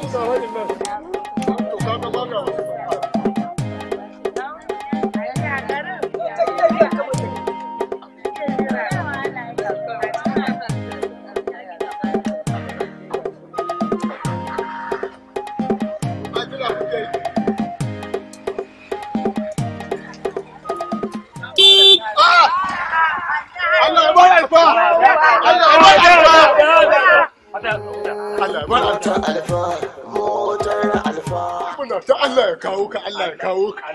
Alfa! Ah! Allah ya bar alfa! muna ta Allah ya kawo ka Allah ya kawo ka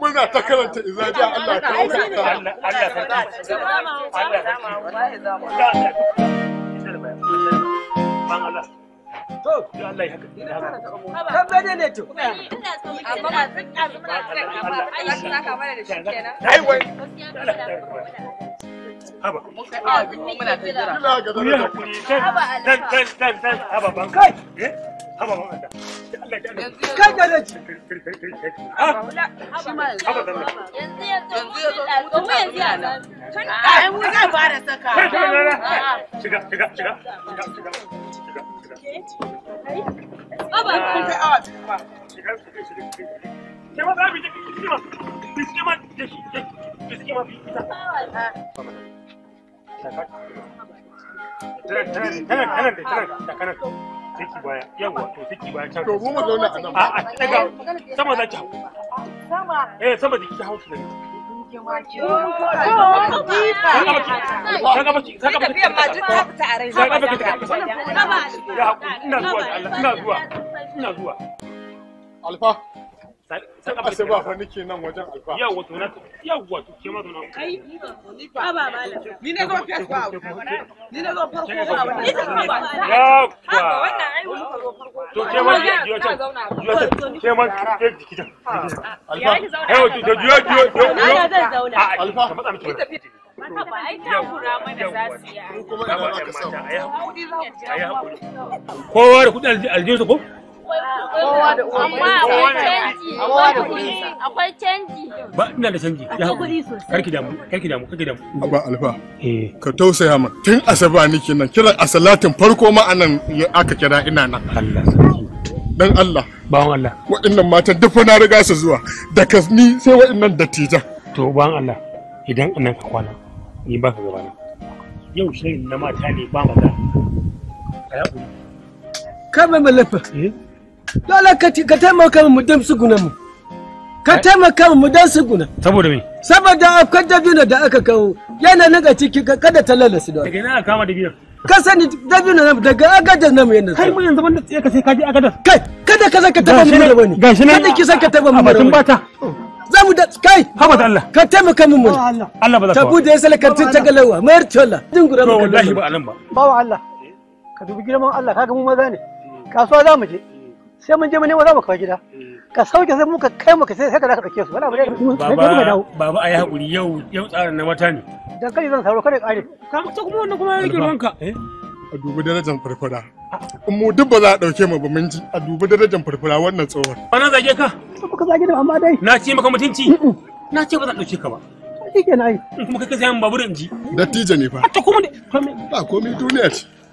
muna ta karanta idza ja Allah ya kawo ka Allah Allah Allah To, ya Allah ya haka. Kan bane ne to. Amma ba duk azu muna kira ka ba. Ai shi na ka mana da shi kenan. Ai wai. Haba. Mun kai azu muna kira. Kira ga da. Haba Allah. Dan dan dan haba ban kai. Eh? Haba ban Allah. kai da laji yanzu yanzu yanzu zai fara saka shiga shiga shiga shiga shiga saki baya yawa to saki baya can to mu zauna a nan a daga sama zaki hau sama eh sama da kike hausa da ni Alfa. san abin da ba nan wajen alfa na kai ni ba ba ni ne ni ne farko ba wannan ai to ji ji ke alfa ji ji ji ji alfa ka Mata Kowa da kudin aljihunsa ko? amma akwai canji akwai canji ba ina da canji ya hakuri karki damu karki damu karki alfa eh. ka tausaya ma. tun asaba nake nan kiran asalatin farko ma anan aka kira ina nan Allah dan Allah bawan Allah waɗannan matan duk na riga su zuwa daga ni sai waɗannan dattijan to bawan Allah idan anan ka kwana ni ba ka gabana yau shirin na mata ne ba maza ka yaƙuri kame malafa dole ka taimaka mu dan su guna mu. Ka taimaka mu dan su guna. Saboda me? Saboda akwai dabino da aka kawo yana nan a ciki kada ta lalace da. Daga ina kama dabino. Ka sani dabino nan daga agadar namu yana. Kai mun yanzu banda tsaye ka sai ka je agadar. Kai kada ka saka taba mu da wani. Gashi nan. Kada ki saka taba mu da wani. bata. Za mu da kai. Haba da Allah. Ka taimaka mu mun Allah ba za ka. Tabu da ya ka tinta galawa. Mayar tola. gura ba Wallahi ba alam ba. Bawa Allah. Ka dubi girman Allah kaga mu maza ne. Kasuwa za mu je. sai mun je mu nemo za mu kawo gida eh. ka sauke sai muka kai muka sai ka zaka dauke su wala bare baba baba ai hakuri yau yau tsarin na mata ne dan kai zan sauro kada kare ka mutu kuma wannan kuma yake eh a dubi darajar farfara in mu duk ba za a dauke mu ba mun ji a dubi darajar farfara wannan tsohon wannan zage ka ka zage da amma dai na ce maka mutunci na ce ba a dauke ka ba shi na yi. kuma kai ka sayan babur in ji dattijo ne fa ta kuma ba komai duniya ce